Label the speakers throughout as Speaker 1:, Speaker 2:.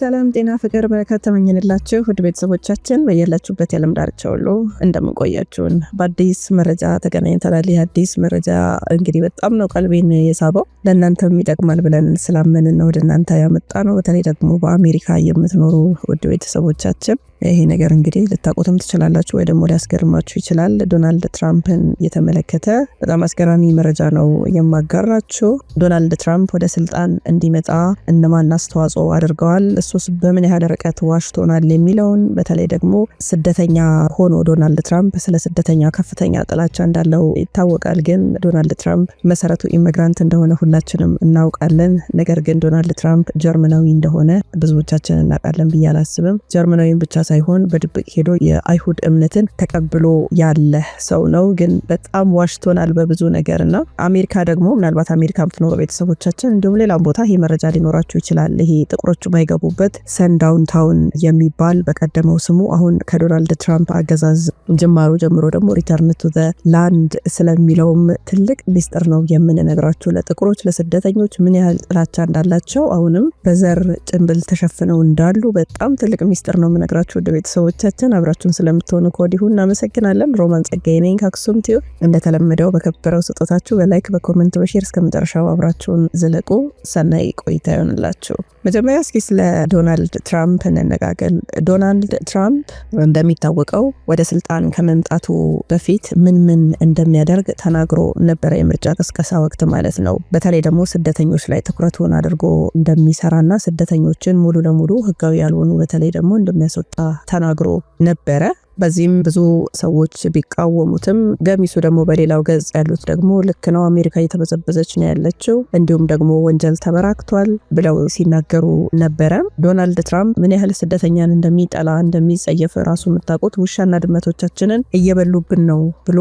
Speaker 1: ሰላም ጤና ፍቅር በረከት ተመኝንላችሁ ውድ ቤተሰቦቻችን በያላችሁበት የዓለም ዳርቻ ሁሉ እንደምንቆያችሁን በአዲስ መረጃ ተገናኝተናል። ይህ አዲስ መረጃ እንግዲህ በጣም ነው ቀልቤን የሳበው ለእናንተም ይጠቅማል ብለን ስላመንን ነው ወደ እናንተ ያመጣ ነው። በተለይ ደግሞ በአሜሪካ የምትኖሩ ውድ ቤተሰቦቻችን ይሄ ነገር እንግዲህ ልታውቁትም ትችላላችሁ ወይ ደግሞ ሊያስገርማችሁ ይችላል። ዶናልድ ትራምፕን የተመለከተ በጣም አስገራሚ መረጃ ነው የማጋራችሁ። ዶናልድ ትራምፕ ወደ ስልጣን እንዲመጣ እነማን አስተዋጽኦ አድርገዋል፣ እሱስ በምን ያህል ርቀት ዋሽቶናል የሚለውን በተለይ ደግሞ ስደተኛ ሆኖ ዶናልድ ትራምፕ ስለ ስደተኛ ከፍተኛ ጥላቻ እንዳለው ይታወቃል። ግን ዶናልድ ትራምፕ መሰረቱ ኢሚግራንት እንደሆነ ሁላችንም እናውቃለን። ነገር ግን ዶናልድ ትራምፕ ጀርመናዊ እንደሆነ ብዙዎቻችን እናውቃለን ብዬ አላስብም። ጀርመናዊም ብቻ ሳይሆን በድብቅ ሄዶ የአይሁድ እምነትን ተቀብሎ ያለ ሰው ነው። ግን በጣም ዋሽቶናል በብዙ ነገር እና አሜሪካ ደግሞ ምናልባት አሜሪካ ምትኖረ ቤተሰቦቻችን እንዲሁም ሌላም ቦታ ይህ መረጃ ሊኖራችሁ ይችላል። ይሄ ጥቁሮቹ የማይገቡበት ሰንዳውን ታውን የሚባል በቀደመው ስሙ አሁን ከዶናልድ ትራምፕ አገዛዝ ጅማሮ ጀምሮ ደግሞ ሪተርን ቱ ዘ ላንድ ስለሚለውም ትልቅ ሚስጥር ነው የምንነግራችሁ። ለጥቁሮች ለስደተኞች ምን ያህል ጥላቻ እንዳላቸው አሁንም በዘር ጭንብል ተሸፍነው እንዳሉ በጣም ትልቅ ሚስጥር ነው የምነግራችሁ። ውድ ቤተሰቦቻችን አብራችሁን ስለምትሆኑ ከወዲሁ እናመሰግናለን። ሮማን ጸጋዬ ነኝ ከአክሱም ቲዩብ። እንደተለመደው በከበረው ስጦታችሁ በላይክ በኮመንት በሼር እስከ መጨረሻው አብራችሁን ዝለቁ። ሰናይ ቆይታ ይሆንላችሁ። መጀመሪያ እስኪ ስለ ዶናልድ ትራምፕ እንነጋገር። ዶናልድ ትራምፕ እንደሚታወቀው ወደ ስልጣን ከመምጣቱ በፊት ምን ምን እንደሚያደርግ ተናግሮ ነበረ፣ የምርጫ ቅስቀሳ ወቅት ማለት ነው። በተለይ ደግሞ ስደተኞች ላይ ትኩረቱን አድርጎ እንደሚሰራና ስደተኞችን ሙሉ ለሙሉ ህጋዊ ያልሆኑ በተለይ ደግሞ እንደሚያስወጣ ተናግሮ ነበረ። በዚህም ብዙ ሰዎች ቢቃወሙትም ገሚሱ ደግሞ በሌላው ገጽ ያሉት ደግሞ ልክ ነው፣ አሜሪካ እየተበዘበዘች ነው ያለችው፣ እንዲሁም ደግሞ ወንጀል ተበራክቷል ብለው ሲናገሩ ነበረ። ዶናልድ ትራምፕ ምን ያህል ስደተኛን እንደሚጠላ እንደሚጸየፍ ራሱ የምታውቁት ውሻና ድመቶቻችንን እየበሉብን ነው ብሎ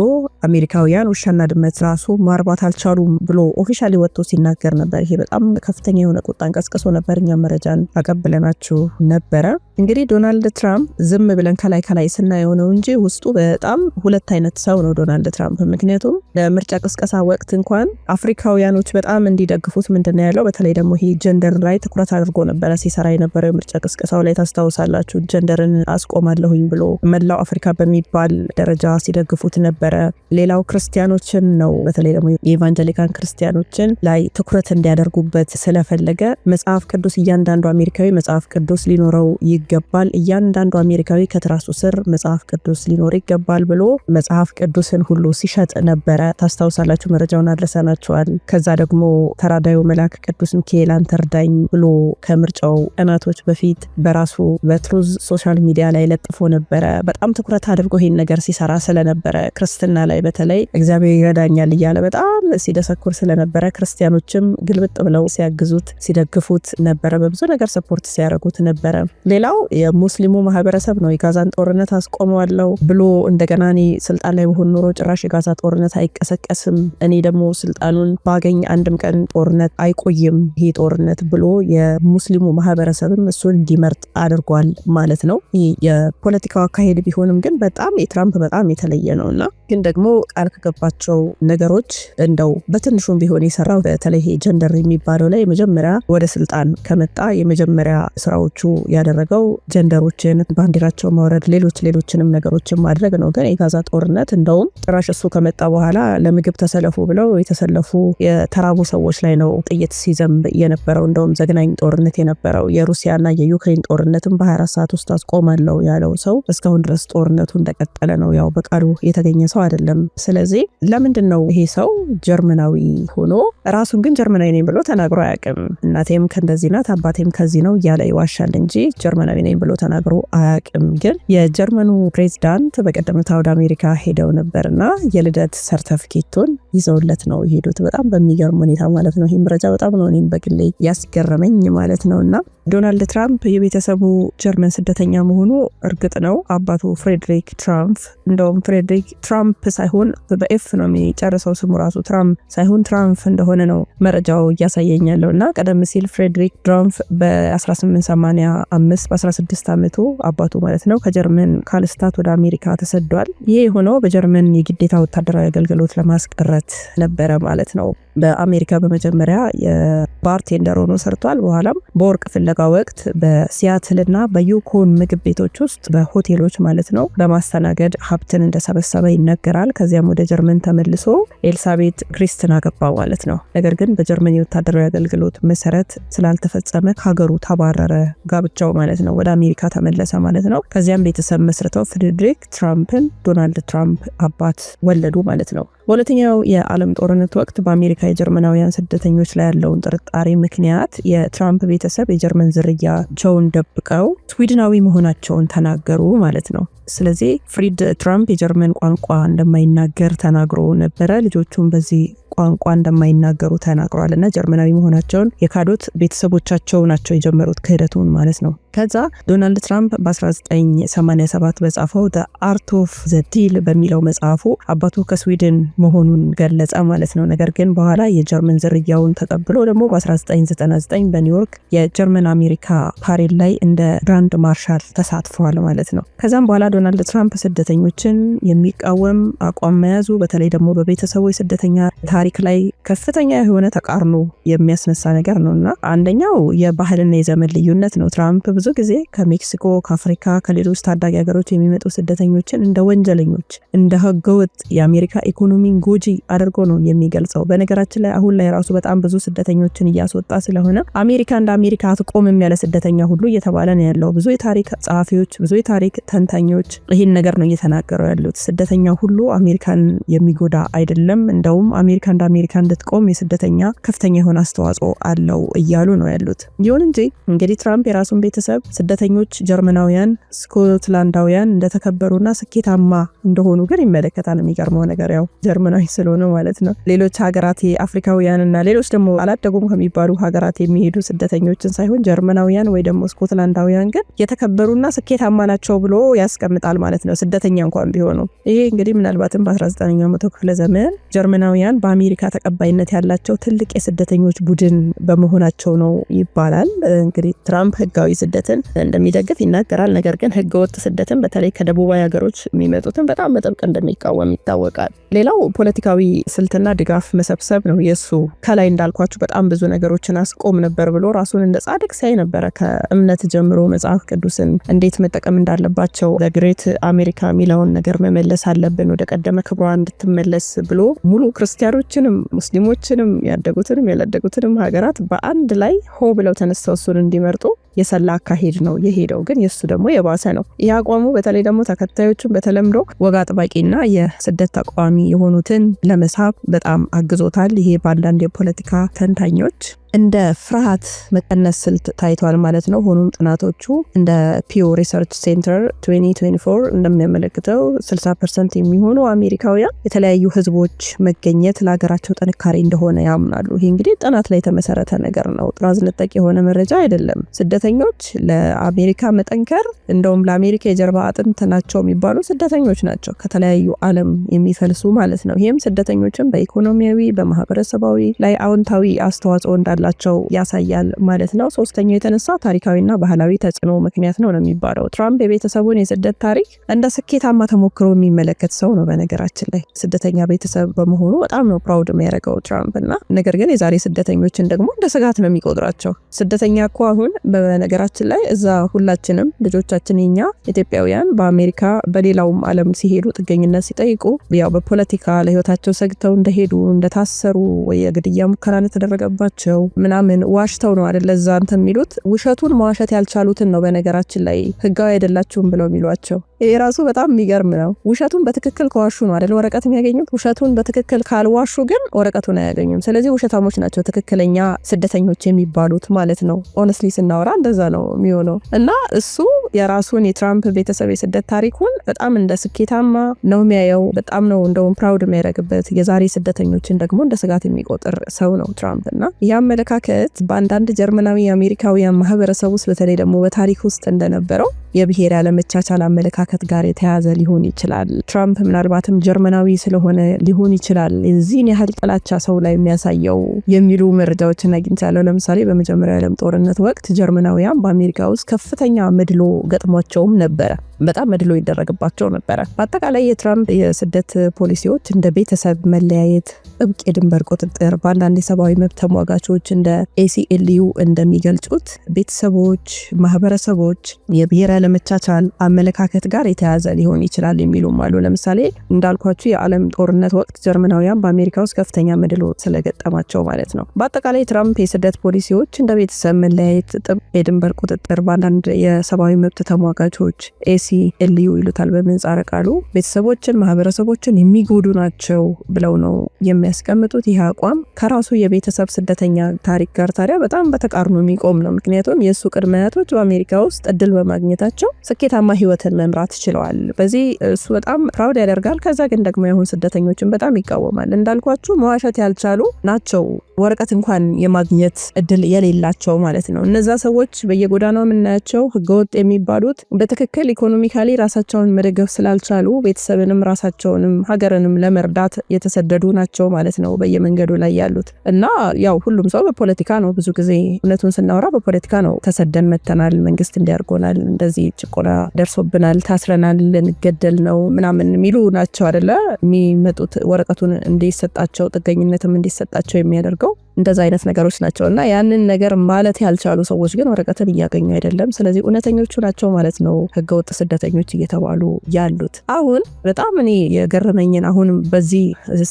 Speaker 1: አሜሪካውያን ውሻና ድመት ራሱ ማርባት አልቻሉም ብሎ ኦፊሻሊ ወጥቶ ሲናገር ነበር። ይሄ በጣም ከፍተኛ የሆነ ቁጣ ቀስቅሶ ነበር። እኛ መረጃን አቀብለናችሁ ነበረ። እንግዲህ ዶናልድ ትራምፕ ዝም ብለን ከላይ ከላይ ስናየው ነው እንጂ ውስጡ በጣም ሁለት አይነት ሰው ነው ዶናልድ ትራምፕ። ምክንያቱም ለምርጫ ቅስቀሳ ወቅት እንኳን አፍሪካውያኖች በጣም እንዲደግፉት ምንድነው ያለው፣ በተለይ ደግሞ ይሄ ጀንደር ላይ ትኩረት አድርጎ ነበረ ሲሰራ የነበረው የምርጫ ቅስቀሳው ላይ ታስታውሳላችሁ። ጀንደርን አስቆማለሁኝ ብሎ መላው አፍሪካ በሚባል ደረጃ ሲደግፉት ነበረ። ሌላው ክርስቲያኖችን ነው፣ በተለይ ደግሞ የኤቫንጀሊካን ክርስቲያኖችን ላይ ትኩረት እንዲያደርጉበት ስለፈለገ መጽሐፍ ቅዱስ እያንዳንዱ አሜሪካዊ መጽሐፍ ቅዱስ ሊኖረው ይገባል፣ እያንዳንዱ አሜሪካዊ ከትራሱ ስር መጽሐፍ ቅዱስ ሊኖር ይገባል ብሎ መጽሐፍ ቅዱስን ሁሉ ሲሸጥ ነበረ። ታስታውሳላችሁ፣ መረጃውን አድረሰናችኋል። ከዛ ደግሞ ተራዳዩ መልአክ ቅዱስ ሚካኤል አንተ እርዳኝ ብሎ ከምርጫው ቀናቶች በፊት በራሱ በትሩዝ ሶሻል ሚዲያ ላይ ለጥፎ ነበረ። በጣም ትኩረት አድርጎ ይሄን ነገር ሲሰራ ስለነበረ ክርስትና ላይ በተለይ እግዚአብሔር ይረዳኛል እያለ በጣም ሲደሰኩር ስለነበረ ክርስቲያኖችም ግልብጥ ብለው ሲያግዙት ሲደግፉት ነበረ። በብዙ ነገር ሰፖርት ሲያደርጉት ነበረ። ሌላው የሙስሊሙ ማህበረሰብ ነው የጋዛን ጦርነት አስቆመዋለው ብሎ እንደገና እኔ ስልጣን ላይ በሆን ኖሮ ጭራሽ የጋዛ ጦርነት አይቀሰቀስም፣ እኔ ደግሞ ስልጣኑን ባገኝ አንድም ቀን ጦርነት አይቆይም ይሄ ጦርነት ብሎ የሙስሊሙ ማህበረሰብም እሱን እንዲመርጥ አድርጓል ማለት ነው። ይህ የፖለቲካው አካሄድ ቢሆንም ግን በጣም የትራምፕ በጣም የተለየ ነው እና ግን ደግሞ ቃል ከገባቸው ነገሮች እንደው በትንሹም ቢሆን የሰራው በተለይ ጀንደር የሚባለው ላይ መጀመሪያ ወደ ስልጣን ከመጣ የመጀመሪያ ስራዎቹ ያደረገው ጀንደሮችን ባንዲራቸው መውረድ፣ ሌሎች ሌሎችንም ነገሮችን ማድረግ ነው። ግን የጋዛ ጦርነት እንደውም ጭራሽ እሱ ከመጣ በኋላ ለምግብ ተሰለፉ ብለው የተሰለፉ የተራቡ ሰዎች ላይ ነው ጥይት ሲዘንብ የነበረው። እንደውም ዘግናኝ ጦርነት የነበረው የሩሲያና የዩክሬን ጦርነትም በ24 ሰዓት ውስጥ አስቆማለሁ ያለው ሰው እስካሁን ድረስ ጦርነቱ እንደቀጠለ ነው። ያው በቃሉ የተገኘ ሰው አይደለም። ስለዚህ ለምንድን ነው ይሄ ሰው ጀርመናዊ ሆኖ ራሱን ግን ጀርመናዊ ነኝ ብሎ ተናግሮ አያውቅም። እናቴም ከእንደዚህ ናት አባቴም ከዚህ ነው እያለ ይዋሻል እንጂ ጀርመና ጀርመናዊ ነኝ ብሎ ተናግሮ አያውቅም። ግን የጀርመኑ ፕሬዚዳንት በቀደምታ ወደ አሜሪካ ሄደው ነበርና የልደት ሰርተፍኬቱን ይዘውለት ነው የሄዱት። በጣም በሚገርም ሁኔታ ማለት ነው። ይህ መረጃ በጣም ነው እኔም በግሌ ያስገረመኝ ማለት ነው እና ዶናልድ ትራምፕ የቤተሰቡ ጀርመን ስደተኛ መሆኑ እርግጥ ነው። አባቱ ፍሬድሪክ ትራምፕ እንደውም ፍሬድሪክ ትራምፕ ሳይሆን በኤፍ ነው የሚጨርሰው ስሙ ራሱ ትራምፕ ሳይሆን ትራምፕ እንደሆነ ነው መረጃው እያሳየኛለው። እና ቀደም ሲል ፍሬድሪክ ትራምፕ በ1885 16 ዓመቱ አባቱ ማለት ነው ከጀርመን ካልስታት ወደ አሜሪካ ተሰዷል። ይሄ የሆነው በጀርመን የግዴታ ወታደራዊ አገልግሎት ለማስቀረት ነበረ ማለት ነው። በአሜሪካ በመጀመሪያ የባርቴንደር ሆኖ ሰርቷል። በኋላም በወርቅ ፍለጋ ወቅት በሲያትልና በዩኮን ምግብ ቤቶች ውስጥ በሆቴሎች ማለት ነው በማስተናገድ ሀብትን እንደሰበሰበ ይነገራል። ከዚያም ወደ ጀርመን ተመልሶ ኤልሳቤት ክሪስትን አገባ ማለት ነው። ነገር ግን በጀርመን የወታደራዊ አገልግሎት መሰረት ስላልተፈጸመ ከሀገሩ ተባረረ፣ ጋብቻው ማለት ነው። ወደ አሜሪካ ተመለሰ ማለት ነው። ከዚያም ቤተሰብ መስርተው ፍሬድሪክ ትራምፕን ዶናልድ ትራምፕ አባት ወለዱ ማለት ነው። በሁለተኛው የዓለም ጦርነት ወቅት በአሜሪካ የጀርመናውያን ስደተኞች ላይ ያለውን ጥርጣሬ ምክንያት የትራምፕ ቤተሰብ የጀርመን ዝርያቸውን ደብቀው ስዊድናዊ መሆናቸውን ተናገሩ ማለት ነው። ስለዚህ ፍሪድ ትራምፕ የጀርመን ቋንቋ እንደማይናገር ተናግሮ ነበረ። ልጆቹም በዚህ ቋንቋ እንደማይናገሩ ተናግረዋል እና ጀርመናዊ መሆናቸውን የካዶት ቤተሰቦቻቸው ናቸው የጀመሩት ክህደቱን ማለት ነው። ከዛ ዶናልድ ትራምፕ በ1987 በጻፈው ዘ አርት ኦፍ ዘ ዲል በሚለው መጽሐፉ አባቱ ከስዊድን መሆኑን ገለጸ ማለት ነው። ነገር ግን በኋላ የጀርመን ዝርያውን ተቀብሎ ደግሞ በ1999 በኒውዮርክ የጀርመን አሜሪካ ፓሬድ ላይ እንደ ግራንድ ማርሻል ተሳትፈዋል ማለት ነው። ከዛም በኋላ ዶናልድ ትራምፕ ስደተኞችን የሚቃወም አቋም መያዙ በተለይ ደግሞ በቤተሰቡ የስደተኛ ታሪክ ላይ ከፍተኛ የሆነ ተቃርኖ የሚያስነሳ ነገር ነው እና አንደኛው የባህልና የዘመን ልዩነት ነው። ትራምፕ ብዙ ጊዜ ከሜክሲኮ፣ ከአፍሪካ፣ ከሌሎች ታዳጊ ሀገሮች የሚመጡ ስደተኞችን እንደ ወንጀለኞች፣ እንደ ህገወጥ የአሜሪካ ኢኮኖሚን ጎጂ አድርጎ ነው የሚገልጸው። በነገራችን ላይ አሁን ላይ ራሱ በጣም ብዙ ስደተኞችን እያስወጣ ስለሆነ አሜሪካ እንደ አሜሪካ አትቆምም ያለ ስደተኛ ሁሉ እየተባለ ነው ያለው። ብዙ የታሪክ ጸሐፊዎች፣ ብዙ የታሪክ ተንታኞች ይህን ነገር ነው እየተናገሩ ያሉት። ስደተኛ ሁሉ አሜሪካን የሚጎዳ አይደለም፣ እንደውም አሜሪካ እንደ አሜሪካ እንድትቆም የስደተኛ ከፍተኛ የሆነ አስተዋጽኦ አለው እያሉ ነው ያሉት። ይሁን እንጂ እንግዲህ ትራምፕ የራሱን ቤተሰብ ማሰብ ስደተኞች ጀርመናውያን፣ ስኮትላንዳውያን እንደተከበሩና ስኬታማ እንደሆኑ ግን ይመለከታል። የሚገርመው ነገር ያው ጀርመናዊ ስለሆነ ማለት ነው። ሌሎች ሀገራት አፍሪካውያን እና ሌሎች ደግሞ አላደጉም ከሚባሉ ሀገራት የሚሄዱ ስደተኞችን ሳይሆን ጀርመናውያን ወይ ደግሞ ስኮትላንዳውያን ግን የተከበሩና ስኬታማ ናቸው ብሎ ያስቀምጣል ማለት ነው፣ ስደተኛ እንኳን ቢሆኑ። ይሄ እንግዲህ ምናልባትም በ19ኛው መቶ ክፍለ ዘመን ጀርመናውያን በአሜሪካ ተቀባይነት ያላቸው ትልቅ የስደተኞች ቡድን በመሆናቸው ነው ይባላል። እንግዲህ ትራምፕ ህጋዊ ስደ ስደትን እንደሚደግፍ ይናገራል። ነገር ግን ህገወጥ ስደትን በተለይ ከደቡባዊ ሀገሮች የሚመጡትን በጣም በጥብቅ እንደሚቃወም ይታወቃል። ሌላው ፖለቲካዊ ስልትና ድጋፍ መሰብሰብ ነው የእሱ ከላይ እንዳልኳችሁ በጣም ብዙ ነገሮችን አስቆም ነበር ብሎ ራሱን እንደ ጻድቅ ሲያይ ነበረ። ከእምነት ጀምሮ መጽሐፍ ቅዱስን እንዴት መጠቀም እንዳለባቸው ለግሬት አሜሪካ የሚለውን ነገር መመለስ አለብን ወደ ቀደመ ክብሯ እንድትመለስ ብሎ ሙሉ ክርስቲያኖችንም ሙስሊሞችንም ያደጉትንም ያላደጉትንም ሀገራት በአንድ ላይ ሆ ብለው ተነስተው እሱን እንዲመርጡ የሰላ አካሄድ ነው የሄደው። ግን የእሱ ደግሞ የባሰ ነው። ይህ አቋሙ በተለይ ደግሞ ተከታዮቹን በተለምዶ ወግ አጥባቂና የስደት ተቃዋሚ የሆኑትን ለመሳብ በጣም አግዞታል። ይሄ በአንዳንድ የፖለቲካ ተንታኞች እንደ ፍርሃት መቀነስ ስልት ታይቷል ማለት ነው። ሆኖም ጥናቶቹ እንደ ፒ ሪሰርች ሴንተር 2024 እንደሚያመለክተው 60 ፐርሰንት የሚሆኑ አሜሪካውያን የተለያዩ ህዝቦች መገኘት ለሀገራቸው ጥንካሬ እንደሆነ ያምናሉ። ይህ እንግዲህ ጥናት ላይ የተመሰረተ ነገር ነው። ጥራዝ ነጠቅ የሆነ መረጃ አይደለም። ስደተኞች ለአሜሪካ መጠንከር እንደውም ለአሜሪካ የጀርባ አጥንት ናቸው የሚባሉ ስደተኞች ናቸው፣ ከተለያዩ ዓለም የሚፈልሱ ማለት ነው። ይህም ስደተኞችን በኢኮኖሚያዊ በማህበረሰባዊ ላይ አዎንታዊ አስተዋጽኦ እንዳለ እንዳላቸው ያሳያል ማለት ነው። ሶስተኛው የተነሳው ታሪካዊና ባህላዊ ተጽዕኖ ምክንያት ነው ነው የሚባለው። ትራምፕ የቤተሰቡን የስደት ታሪክ እንደ ስኬታማ ተሞክሮ የሚመለከት ሰው ነው። በነገራችን ላይ ስደተኛ ቤተሰብ በመሆኑ በጣም ነው ፕራውድ የሚያደርገው ትራምፕ እና ነገር ግን የዛሬ ስደተኞችን ደግሞ እንደ ስጋት ነው የሚቆጥራቸው። ስደተኛ እኮ አሁን በነገራችን ላይ እዛ ሁላችንም ልጆቻችን የኛ ኢትዮጵያውያን በአሜሪካ በሌላውም ዓለም ሲሄዱ ጥገኝነት ሲጠይቁ ያው በፖለቲካ ለህይወታቸው ሰግተው እንደሄዱ እንደታሰሩ ወይ የግድያ ሙከራ እንደተደረገባቸው ምናምን ዋሽተው ነው አደለ እዛ እንትን የሚሉት ውሸቱን መዋሸት ያልቻሉትን ነው በነገራችን ላይ ህጋዊ አይደላችሁም ብለው የሚሏቸው ራሱ በጣም የሚገርም ነው። ውሸቱን በትክክል ከዋሹ ነው አይደል ወረቀት የሚያገኙት። ውሸቱን በትክክል ካልዋሹ ግን ወረቀቱን አያገኙም። ስለዚህ ውሸታሞች ናቸው ትክክለኛ ስደተኞች የሚባሉት ማለት ነው። ኦነስትሊ ስናወራ እንደዛ ነው የሚሆነው እና እሱ የራሱን የትራምፕ ቤተሰብ የስደት ታሪኩን በጣም እንደ ስኬታማ ነው የሚያየው። በጣም ነው እንደውም ፕራውድ የሚያደርግበት የዛሬ ስደተኞችን ደግሞ እንደ ስጋት የሚቆጥር ሰው ነው ትራምፕ እና ይህ አመለካከት በአንዳንድ ጀርመናዊ አሜሪካውያን ማህበረሰብ ውስጥ በተለይ ደግሞ በታሪክ ውስጥ እንደነበረው የብሔር ያለመቻቻል አመለካከት አመለካከት ጋር የተያዘ ሊሆን ይችላል። ትራምፕ ምናልባትም ጀርመናዊ ስለሆነ ሊሆን ይችላል የዚህን ያህል ጥላቻ ሰው ላይ የሚያሳየው የሚሉ መረጃዎችን አግኝቻለሁ። ለምሳሌ በመጀመሪያው ዓለም ጦርነት ወቅት ጀርመናውያን በአሜሪካ ውስጥ ከፍተኛ መድሎ ገጥሟቸውም ነበረ። በጣም መድሎ ይደረግባቸው ነበረ። በአጠቃላይ የትራምፕ የስደት ፖሊሲዎች እንደ ቤተሰብ መለያየት፣ ጥብቅ የድንበር ቁጥጥር በአንዳንድ የሰብአዊ መብት ተሟጋቾች እንደ ኤሲኤልዩ እንደሚገልጹት ቤተሰቦች፣ ማህበረሰቦች የብሔር ያለመቻቻል አመለካከት ጋር የተያያዘ ሊሆን ይችላል የሚሉም አሉ። ለምሳሌ እንዳልኳችሁ የዓለም ጦርነት ወቅት ጀርመናውያን በአሜሪካ ውስጥ ከፍተኛ መድሎ ስለገጠማቸው ማለት ነው። በአጠቃላይ ትራምፕ የስደት ፖሊሲዎች እንደ ቤተሰብ መለያየት፣ ጥብቅ የድንበር ቁጥጥር በአንዳንድ የሰብአዊ መብት ተሟጋቾች ሲኤልዩ ይሉታል በምንጻረ ቃሉ ቤተሰቦችን፣ ማህበረሰቦችን የሚጎዱ ናቸው ብለው ነው የሚያስቀምጡት። ይህ አቋም ከራሱ የቤተሰብ ስደተኛ ታሪክ ጋር ታዲያ በጣም በተቃርኖ የሚቆም ነው። ምክንያቱም የእሱ ቅድመ አያቶች በአሜሪካ ውስጥ እድል በማግኘታቸው ስኬታማ ህይወትን መምራት ችለዋል። በዚህ እሱ በጣም ፕራውድ ያደርጋል። ከዛ ግን ደግሞ የአሁን ስደተኞችን በጣም ይቃወማል። እንዳልኳችሁ መዋሸት ያልቻሉ ናቸው ወረቀት እንኳን የማግኘት እድል የሌላቸው ማለት ነው። እነዛ ሰዎች በየጎዳናው የምናያቸው ህገወጥ የሚባሉት በትክክል ኢኮኖሚ ኢኮኖሚካሊ ራሳቸውን መደገፍ ስላልቻሉ ቤተሰብንም ራሳቸውንም ሀገርንም ለመርዳት የተሰደዱ ናቸው ማለት ነው በየመንገዱ ላይ ያሉት እና ያው ሁሉም ሰው በፖለቲካ ነው ብዙ ጊዜ እውነቱን ስናወራ በፖለቲካ ነው ተሰደን መተናል፣ መንግስት እንዲያርጎናል፣ እንደዚህ ጭቆና ደርሶብናል፣ ታስረናል፣ ልንገደል ነው ምናምን የሚሉ ናቸው አደለ የሚመጡት ወረቀቱን እንዲሰጣቸው ጥገኝነትም እንዲሰጣቸው የሚያደርገው እንደዛ አይነት ነገሮች ናቸው እና ያንን ነገር ማለት ያልቻሉ ሰዎች ግን ወረቀትን እያገኙ አይደለም። ስለዚህ እውነተኞቹ ናቸው ማለት ነው ህገወጥ ስደተኞች እየተባሉ ያሉት። አሁን በጣም እኔ የገረመኝን አሁን በዚህ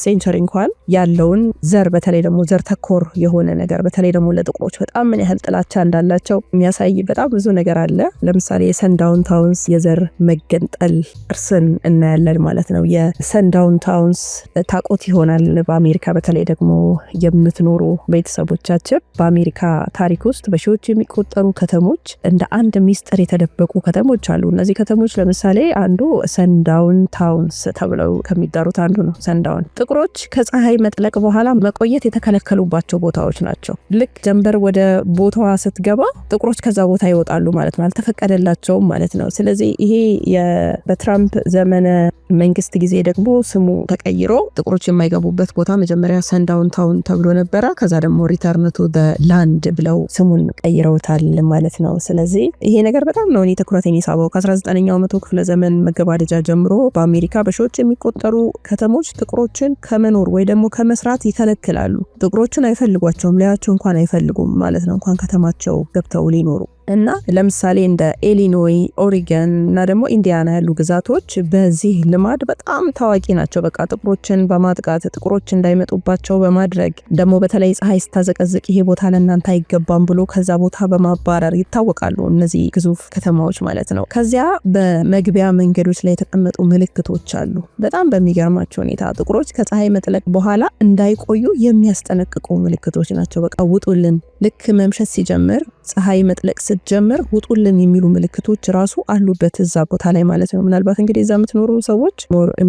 Speaker 1: ሴንቸሪ እንኳን ያለውን ዘር በተለይ ደግሞ ዘር ተኮር የሆነ ነገር በተለይ ደግሞ ለጥቁሮች በጣም ምን ያህል ጥላቻ እንዳላቸው የሚያሳይ በጣም ብዙ ነገር አለ። ለምሳሌ የሰንዳውን ታውንስ የዘር መገንጠል እርስን እናያለን ማለት ነው። የሰንዳውን ታውንስ ታቆት ይሆናል። በአሜሪካ በተለይ ደግሞ የምትኖሩ ቤተሰቦቻችን በአሜሪካ ታሪክ ውስጥ በሺዎች የሚቆጠሩ ከተሞች እንደ አንድ ሚስጥር የተደበቁ ከተሞች አሉ። እነዚህ ከተሞች ለምሳሌ አንዱ ሰንዳውን ታውንስ ተብለው ከሚጠሩት አንዱ ነው። ሰንዳውን ጥቁሮች ከፀሐይ መጥለቅ በኋላ መቆየት የተከለከሉባቸው ቦታዎች ናቸው። ልክ ጀንበር ወደ ቦታዋ ስትገባ ጥቁሮች ከዛ ቦታ ይወጣሉ ማለት ነው፣ አልተፈቀደላቸውም ማለት ነው። ስለዚህ ይሄ በትራምፕ ዘመነ መንግስት ጊዜ ደግሞ ስሙ ተቀይሮ ጥቁሮች የማይገቡበት ቦታ መጀመሪያ ሰንዳውን ታውን ተብሎ ነበረ። ከዛ ደግሞ ሪተርን ቱ ላንድ ብለው ስሙን ቀይረውታል ማለት ነው። ስለዚህ ይሄ ነገር በጣም ነው እኔ ትኩረቴን የሳበው። ከ19ኛው መቶ ክፍለ ዘመን መገባደጃ ጀምሮ በአሜሪካ በሺዎች የሚቆጠሩ ከተሞች ጥቁሮችን ከመኖር ወይ ደግሞ ከመስራት ይከለክላሉ። ጥቁሮችን አይፈልጓቸውም፣ ሊያቸው እንኳን አይፈልጉም ማለት ነው እንኳን ከተማቸው ገብተው ሊኖሩ እና ለምሳሌ እንደ ኤሊኖይ፣ ኦሪገን እና ደግሞ ኢንዲያና ያሉ ግዛቶች በዚህ ልማድ በጣም ታዋቂ ናቸው። በቃ ጥቁሮችን በማጥቃት ጥቁሮች እንዳይመጡባቸው በማድረግ ደግሞ በተለይ ፀሐይ ስታዘቀዝቅ ይሄ ቦታ ለእናንተ አይገባም ብሎ ከዛ ቦታ በማባረር ይታወቃሉ። እነዚህ ግዙፍ ከተማዎች ማለት ነው። ከዚያ በመግቢያ መንገዶች ላይ የተቀመጡ ምልክቶች አሉ። በጣም በሚገርማቸው ሁኔታ ጥቁሮች ከፀሐይ መጥለቅ በኋላ እንዳይቆዩ የሚያስጠነቅቁ ምልክቶች ናቸው። በቃ ውጡልን ልክ መምሸት ሲጀምር ፀሐይ መጥለቅ ስትጀምር ውጡልን የሚሉ ምልክቶች ራሱ አሉበት እዛ ቦታ ላይ ማለት ነው። ምናልባት እንግዲህ እዛ የምትኖሩ ሰዎች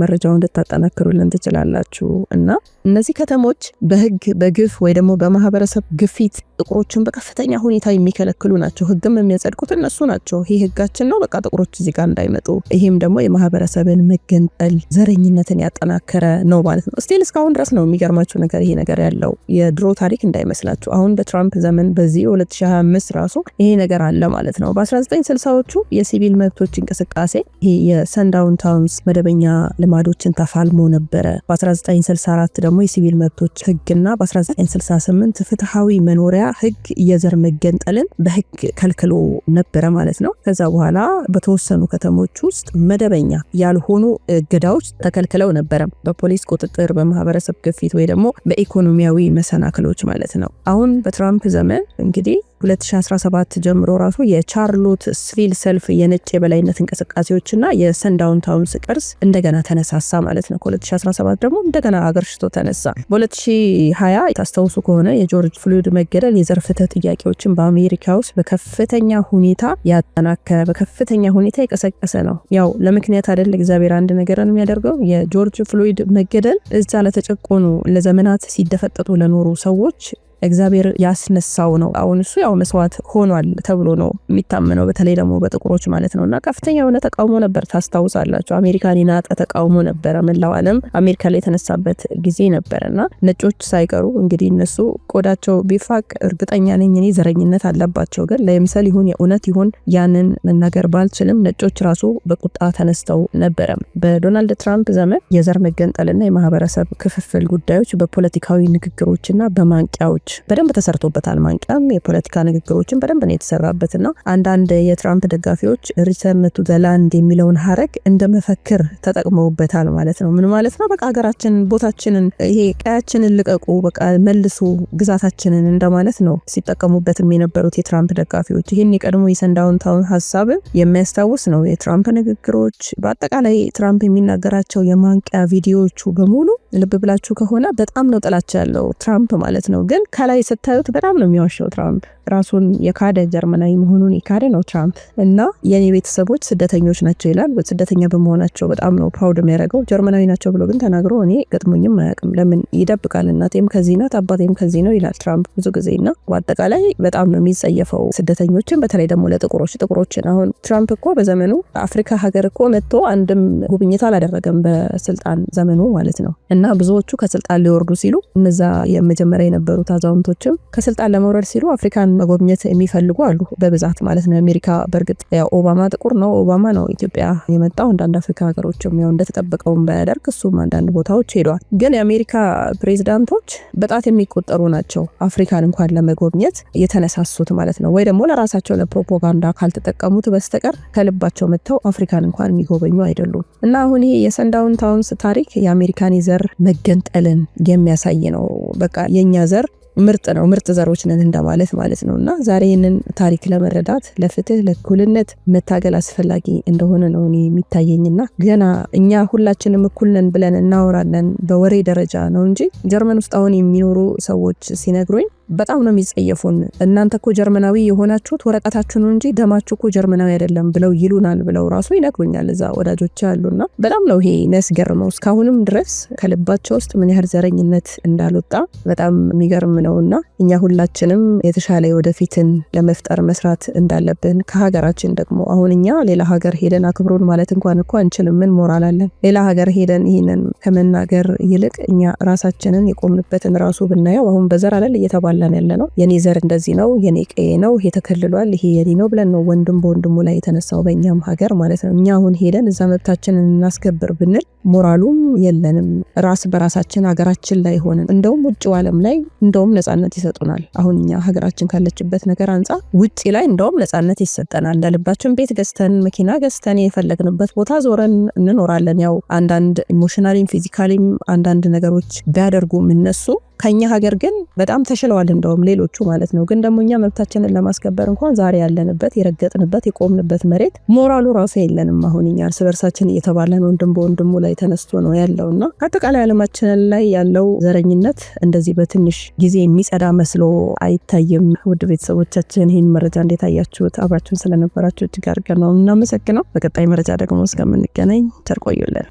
Speaker 1: መረጃውን እንድታጠናክሩልን ትችላላችሁ። እና እነዚህ ከተሞች በህግ በግፍ ወይ ደግሞ በማህበረሰብ ግፊት ጥቁሮችን በከፍተኛ ሁኔታ የሚከለክሉ ናቸው። ህግም የሚያጸድቁት እነሱ ናቸው። ይህ ህጋችን ነው፣ በቃ ጥቁሮች እዚህ ጋር እንዳይመጡ። ይሄም ደግሞ የማህበረሰብን መገንጠል፣ ዘረኝነትን ያጠናከረ ነው ማለት ነው። ስቲል እስካሁን ድረስ ነው የሚገርማችሁ ነገር ይሄ ነገር ያለው የድሮ ታሪክ እንዳይመስላችሁ አሁን በትራምፕ ዘመን በዚህ 2025 ራሱ ይሄ ነገር አለ ማለት ነው። በ1960ዎቹ የሲቪል መብቶች እንቅስቃሴ ይሄ የሰንዳውን ታውንስ መደበኛ ልማዶችን ተፋልሞ ነበረ። በ1964 ደግሞ የሲቪል መብቶች ህግና በ1968 ፍትሐዊ መኖሪያ ህግ የዘር መገንጠልን በህግ ከልክሎ ነበረ ማለት ነው። ከዛ በኋላ በተወሰኑ ከተሞች ውስጥ መደበኛ ያልሆኑ እገዳዎች ተከልክለው ነበረ በፖሊስ ቁጥጥር፣ በማህበረሰብ ግፊት ወይ ደግሞ በኢኮኖሚያዊ መሰናክሎች ማለት ነው። አሁን በትራምፕ ዘመን እንግዲህ 2017 ጀምሮ ራሱ የቻርሎት ስቪል ሰልፍ የነጭ የበላይነት እንቅስቃሴዎችና የሰንዳውን ታውንስ ቅርስ እንደገና ተነሳሳ ማለት ነው ከ2017 ደግሞ እንደገና አገርሽቶ ተነሳ። በ2020 ታስታውሱ ከሆነ የጆርጅ ፍሉድ መገደል የዘር ፍትህ ጥያቄዎችን በአሜሪካ ውስጥ በከፍተኛ ሁኔታ ያጠናከረ በከፍተኛ ሁኔታ የቀሰቀሰ ነው። ያው ለምክንያት አይደል እግዚአብሔር አንድ ነው የሚያደርገው። የጆርጅ ፍሉድ መገደል እዛ ለተጨቆኑ ለዘመናት ሲደፈጠጡ ለኖሩ ሰዎች እግዚአብሔር ያስነሳው ነው። አሁን እሱ ያው መስዋዕት ሆኗል ተብሎ ነው የሚታመነው፣ በተለይ ደግሞ በጥቁሮች ማለት ነው። እና ከፍተኛ የሆነ ተቃውሞ ነበር። ታስታውሳላቸው አሜሪካን የናጠ ተቃውሞ ነበረ። መላው ዓለም አሜሪካ ላይ የተነሳበት ጊዜ ነበረ እና ነጮች ሳይቀሩ እንግዲህ እነሱ ቆዳቸው ቢፋቅ እርግጠኛ ነኝ እኔ ዘረኝነት አለባቸው፣ ግን ለምሳሌ ይሁን የእውነት ይሁን ያንን መናገር ባልችልም ነጮች ራሱ በቁጣ ተነስተው ነበረ። በዶናልድ ትራምፕ ዘመን የዘር መገንጠልና የማህበረሰብ ክፍፍል ጉዳዮች በፖለቲካዊ ንግግሮችና በማንቂያዎች በደንብ ተሰርቶበታል። ማንቂያም የፖለቲካ ንግግሮችን በደንብ ነው የተሰራበትና አንዳንድ የትራምፕ ደጋፊዎች ሪተርን ቱ ዘላንድ የሚለውን ሀረግ እንደ መፈክር ተጠቅመውበታል ማለት ነው። ምን ማለት ነው? በቃ ሀገራችን፣ ቦታችንን፣ ይሄ ቀያችንን ልቀቁ፣ በቃ መልሱ ግዛታችንን እንደማለት ነው ሲጠቀሙበትም የነበሩት የትራምፕ ደጋፊዎች። ይህን የቀድሞ የሰንዳውንታውን ሀሳብ የሚያስታውስ ነው የትራምፕ ንግግሮች። በአጠቃላይ ትራምፕ የሚናገራቸው የማንቂያ ቪዲዮዎቹ በሙሉ ልብ ብላችሁ ከሆነ በጣም ነው ጥላቻ ያለው ትራምፕ ማለት ነው። ግን ከላይ ስታዩት በጣም ነው የሚዋሸው ትራምፕ ራሱን የካደ ጀርመናዊ መሆኑን የካደ ነው ትራምፕ። እና የኔ ቤተሰቦች ስደተኞች ናቸው ይላል። ስደተኛ በመሆናቸው በጣም ነው ፕራውድ የሚያደርገው። ጀርመናዊ ናቸው ብሎ ግን ተናግሮ እኔ ገጥሞኝም አያውቅም። ለምን ይደብቃል? እናቴም ከዚህ ናት፣ አባቴም ከዚህ ነው ይላል ትራምፕ ብዙ ጊዜ እና በአጠቃላይ በጣም ነው የሚጸየፈው ስደተኞችን፣ በተለይ ደግሞ ለጥቁሮች ጥቁሮችን። አሁን ትራምፕ እኮ በዘመኑ አፍሪካ ሀገር እኮ መጥቶ አንድም ጉብኝት አላደረገም በስልጣን ዘመኑ ማለት ነው። እና ብዙዎቹ ከስልጣን ሊወርዱ ሲሉ እነዛ የመጀመሪያ የነበሩት አዛውንቶችም ከስልጣን ለመውረድ ሲሉ አፍሪካን መጎብኘት የሚፈልጉ አሉ በብዛት ማለት ነው። አሜሪካ በእርግጥ ያው ኦባማ ጥቁር ነው፣ ኦባማ ነው ኢትዮጵያ የመጣው። አንዳንድ አፍሪካ ሀገሮችም ያው እንደተጠበቀውን ባያደርግ እሱም አንዳንድ ቦታዎች ሄደዋል። ግን የአሜሪካ ፕሬዚዳንቶች በጣት የሚቆጠሩ ናቸው አፍሪካን እንኳን ለመጎብኘት የተነሳሱት ማለት ነው። ወይ ደግሞ ለራሳቸው ለፕሮፓጋንዳ ካልተጠቀሙት በስተቀር ከልባቸው መጥተው አፍሪካን እንኳን የሚጎበኙ አይደሉም እና አሁን ይሄ የሰንዳውን ታውንስ ታሪክ የአሜሪካን የዘር መገንጠልን የሚያሳይ ነው። በቃ የእኛ ዘር ምርጥ ነው፣ ምርጥ ዘሮች ነን እንደማለት ማለት ነው። እና ዛሬ ይህንን ታሪክ ለመረዳት ለፍትህ ለእኩልነት መታገል አስፈላጊ እንደሆነ ነው እኔ የሚታየኝና ገና እኛ ሁላችንም እኩል ነን ብለን እናወራለን በወሬ ደረጃ ነው እንጂ ጀርመን ውስጥ አሁን የሚኖሩ ሰዎች ሲነግሩኝ በጣም ነው የሚጸየፉን። እናንተ እኮ ጀርመናዊ የሆናችሁት ወረቀታችሁን እንጂ ደማችሁ እኮ ጀርመናዊ አይደለም ብለው ይሉናል ብለው ራሱ ይነግሩኛል። እዛ ወዳጆች አሉና በጣም ነው ይሄ የሚያስገርመው። እስካሁንም ድረስ ከልባቸው ውስጥ ምን ያህል ዘረኝነት እንዳልወጣ በጣም የሚገርም ነውና እኛ ሁላችንም የተሻለ ወደፊትን ለመፍጠር መስራት እንዳለብን ከሀገራችን ደግሞ አሁን እኛ ሌላ ሀገር ሄደን አክብሮን ማለት እንኳን እኮ አንችልም። ምን ሞራል አለን? ሌላ ሀገር ሄደን ይህንን ከመናገር ይልቅ እኛ ራሳችንን የቆምንበትን ራሱ ብናየው አሁን በዘር አለል እየተባለ እየተጣላን ያለ ነው። የኔ ዘር እንደዚህ ነው፣ የኔ ቀዬ ነው፣ ይሄ ተከልሏል፣ ይሄ የኔ ነው ብለን ነው ወንድም በወንድሙ ላይ የተነሳው በእኛም ሀገር ማለት ነው። እኛ አሁን ሄደን እዛ መብታችንን እናስከብር ብንል ሞራሉም የለንም። ራስ በራሳችን ሀገራችን ላይ ሆነን እንደውም ውጭው ዓለም ላይ እንደውም ነጻነት ይሰጡናል። አሁን እኛ ሀገራችን ካለችበት ነገር አንጻ ውጭ ላይ እንደውም ነጻነት ይሰጠናል። እንደልባችን ቤት ገዝተን መኪና ገዝተን የፈለግንበት ቦታ ዞረን እንኖራለን። ያው አንዳንድ ኢሞሽናሊም ፊዚካሊም አንዳንድ ነገሮች ቢያደርጉም እነሱ ከኛ ሀገር ግን በጣም ተሽለዋል፣ እንደውም ሌሎቹ ማለት ነው። ግን ደግሞ እኛ መብታችንን ለማስከበር እንኳን ዛሬ ያለንበት የረገጥንበት የቆምንበት መሬት ሞራሉ ራሱ የለንም። አሁን እኛ እርስ በርሳችን እየተባለን ወንድም በወንድሙ ላይ ተነስቶ ነው ያለው እና አጠቃላይ አለማችን ላይ ያለው ዘረኝነት እንደዚህ በትንሽ ጊዜ የሚጸዳ መስሎ አይታይም። ውድ ቤተሰቦቻችን ይህን መረጃ እንዴት አያችሁት? አብራችሁን ስለነበራችሁ እጅግ አድርገን ነው እናመሰግነው። በቀጣይ መረጃ ደግሞ እስከምንገናኝ ቸር ቆዩልን።